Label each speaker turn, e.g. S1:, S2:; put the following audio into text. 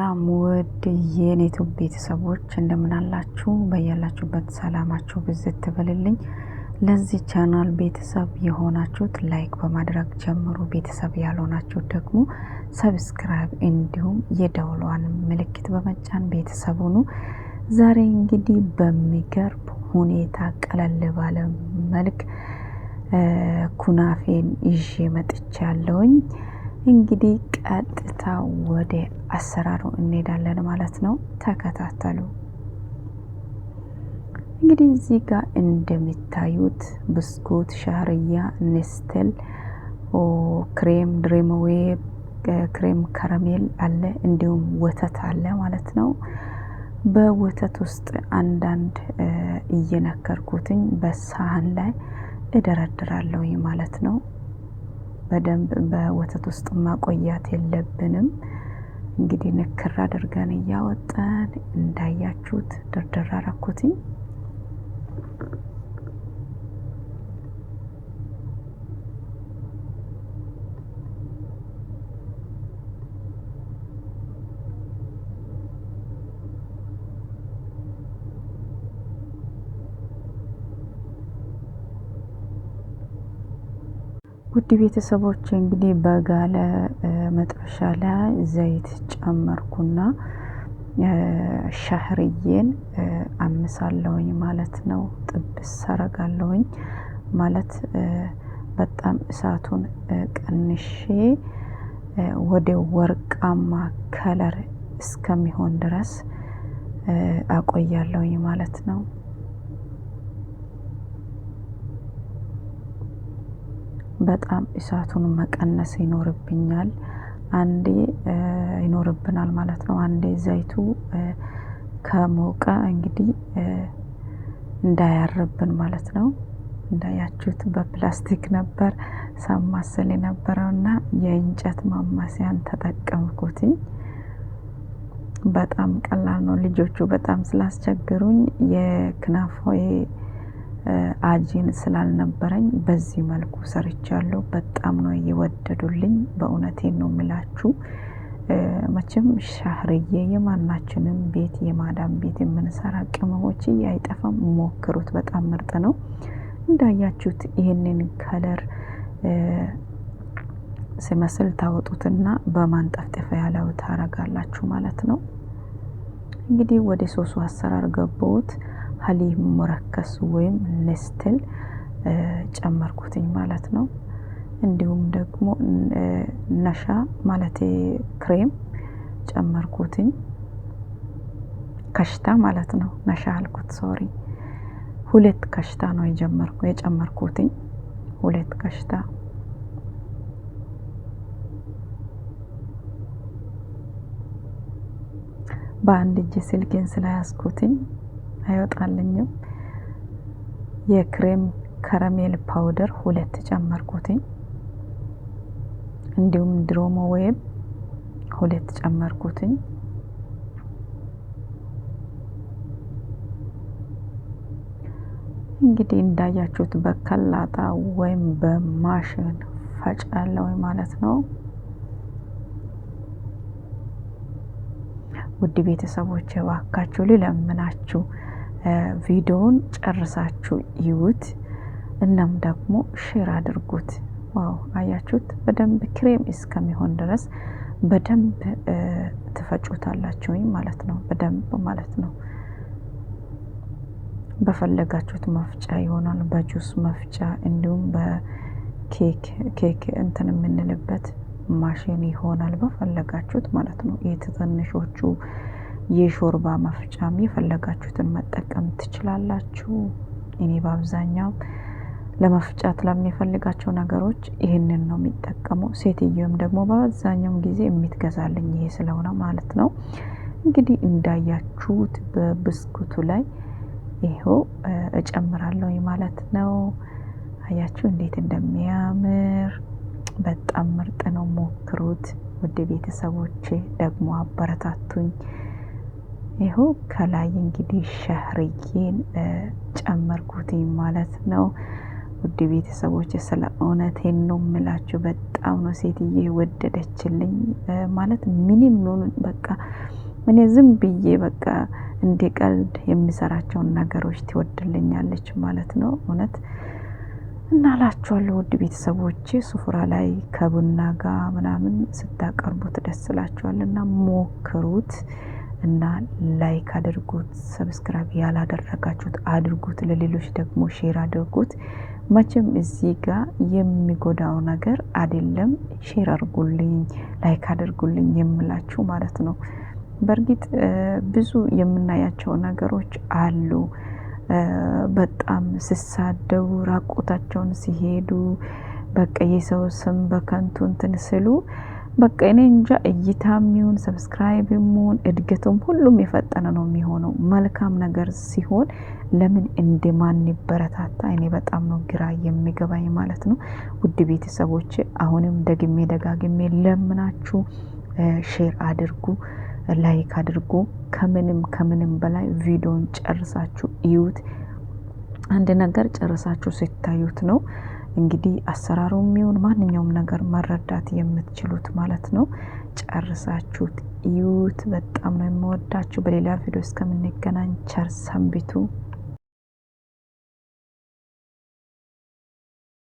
S1: በጣም ውድ የኔቱ ቤተሰቦች እንደምናላችሁ በያላችሁበት ሰላማችሁ ብዝት ትበልልኝ። ለዚህ ቻናል ቤተሰብ የሆናችሁት ላይክ በማድረግ ጀምሩ። ቤተሰብ ያልሆናችሁ ደግሞ ሰብስክራይብ፣ እንዲሁም የደውሏን ምልክት በመጫን ቤተሰብ ሁኑ። ዛሬ እንግዲህ በሚገርም ሁኔታ ቀለል ባለ መልክ ኩናፌን ይዤ መጥቻ ያለውኝ እንግዲህ ቀጥታ ወደ አሰራሩ እንሄዳለን ማለት ነው። ተከታተሉ። እንግዲህ እዚህ ጋር እንደሚታዩት ብስኩት፣ ሻርያ፣ ኔስትል ክሬም፣ ድሪምዌ ክሬም ከረሜል አለ፣ እንዲሁም ወተት አለ ማለት ነው። በወተት ውስጥ አንዳንድ እየነከርኩትኝ በሳህን ላይ እደረድራለሁኝ ማለት ነው። በደንብ በወተት ውስጥ ማቆያት የለብንም። እንግዲህ ንክር አድርገን እያወጣን እንዳያችሁት ድርድር አረኩትኝ። ውድ ቤተሰቦች እንግዲህ በጋለ መጥበሻ ላይ ዘይት ጨመርኩና ሻህርዬን አምሳለሁኝ ማለት ነው። ጥብስ ሰረጋለውኝ ማለት በጣም እሳቱን ቀንሼ ወደ ወርቃማ ከለር እስከሚሆን ድረስ አቆያለሁኝ ማለት ነው። በጣም እሳቱን መቀነስ ይኖርብኛል። አንዴ ይኖርብናል ማለት ነው። አንዴ ዘይቱ ከሞቀ እንግዲህ እንዳያርብን ማለት ነው። እንዳያችሁት በፕላስቲክ ነበር ሳማስል የነበረው እና የእንጨት ማማሲያን ተጠቀምኩትኝ። በጣም ቀላል ነው። ልጆቹ በጣም ስላስቸግሩኝ የክናፎዬ አጂን ስላልነበረኝ በዚህ መልኩ ሰርቻለሁ። በጣም ነው እየወደዱልኝ። በእውነቴን ነው ምላችሁ። መቼም ሻህርዬ የማናችንም ቤት የማዳም ቤት የምንሰራ ቅመሞች አይጠፋም። ሞክሩት፣ በጣም ምርጥ ነው። እንዳያችሁት ይህንን ከለር ሲመስል ታወጡትና በማንጠፍጠፊያ ላይ ታረጋላችሁ ማለት ነው። እንግዲህ ወደ ሶሱ አሰራር ገባሁት። ሀሊ ሙረከስ ወይም ነስትል ጨመርኩትኝ ማለት ነው። እንዲሁም ደግሞ ነሻ ማለት ክሬም ጨመርኩትኝ ከሽታ ማለት ነው። ነሻ አልኩት ሶሪ። ሁለት ከሽታ ነው የጨመርኩትኝ ሁለት ከሽታ በአንድ እጅ ስልኬን ስለያዝኩትኝ አይወጣልኝም። የክሬም ከረሜል ፓውደር ሁለት ጨመርኩትኝ። እንዲሁም ድሮሞ ወይም ሁለት ጨመርኩትኝ። እንግዲህ እንዳያችሁት በከላጣ ወይም በማሽን ፈጫለሁ ማለት ነው። ውድ ቤተሰቦች ባካችሁ ልለምናችሁ ቪዲዮውን ጨርሳችሁ ይዩት። እናም ደግሞ ሼር አድርጉት። ዋው አያችሁት? በደንብ ክሬም እስከሚሆን ድረስ በደንብ ትፈጩታላችሁ ማለት ነው። በደንብ ማለት ነው። በፈለጋችሁት መፍጫ ይሆናል። በጁስ መፍጫ እንዲሁም በኬክ ኬክ እንትን የምንልበት ማሽን ይሆናል። በፈለጋችሁት ማለት ነው። የትንሾቹ የሾርባ መፍጫም የፈለጋችሁትን መጠቀም ትችላላችሁ። እኔ በአብዛኛው ለመፍጫት ለሚፈልጋቸው ነገሮች ይህንን ነው የሚጠቀመው። ሴትየውም ደግሞ በአብዛኛውም ጊዜ የሚትገዛልኝ ይሄ ስለሆነ ማለት ነው። እንግዲህ እንዳያችሁት በብስኩቱ ላይ ይኸው እጨምራለሁ ማለት ነው። አያችሁ እንዴት እንደሚያምር በጣም ምርጥ ነው። ሞክሩት ውድ ቤተሰቦቼ፣ ደግሞ አበረታቱኝ። ይኸው ከላይ እንግዲህ ሸህርዬን ጨመርኩት ማለት ነው። ውድ ቤተሰቦች ስለ እውነቴን ነው የምላችሁ። በጣም ነው ሴትዬ ወደደችልኝ ማለት ምንም ሆኑ በቃ እኔ ዝም ብዬ በቃ እንደ ቀልድ የሚሰራቸውን ነገሮች ትወድልኛለች ማለት ነው። እውነት እና ላችኋለሁ ውድ ቤተሰቦች ሱፍራ ላይ ከቡና ጋር ምናምን ስታቀርቡት ደስ ላችኋል እና ሞክሩት። እና ላይክ አድርጉት። ሰብስክራይብ ያላደረጋችሁት አድርጉት። ለሌሎች ደግሞ ሼር አድርጉት። መቼም እዚህ ጋር የሚጎዳው ነገር አይደለም። ሼር አድርጉልኝ፣ ላይክ አድርጉልኝ የምላችሁ ማለት ነው። በእርግጥ ብዙ የምናያቸው ነገሮች አሉ። በጣም ሲሳደቡ፣ ራቆታቸውን ሲሄዱ፣ በቃ የሰው ስም በከንቱ እንትን ስሉ በቃ እኔ እንጃ እይታም ይሁን ሰብስክራይብ ይሁን እድገትም ሁሉም የፈጠነ ነው የሚሆነው። መልካም ነገር ሲሆን ለምን እንደማን ይበረታታ እኔ በጣም ነው ግራ የሚገባኝ ማለት ነው። ውድ ቤተሰቦች አሁንም ደግሜ ደጋግሜ ለምናችሁ ሼር አድርጉ፣ ላይክ አድርጉ። ከምንም ከምንም በላይ ቪዲዮን ጨርሳችሁ እዩት። አንድ ነገር ጨርሳችሁ ስታዩት ነው እንግዲህ አሰራሩ የሚሆን ማንኛውም ነገር መረዳት የምትችሉት ማለት ነው። ጨርሳችሁት እዩት። በጣም ነው የምወዳችሁ። በሌላ ቪዲዮ እስከምንገናኝ ቸር ሰንብቱ።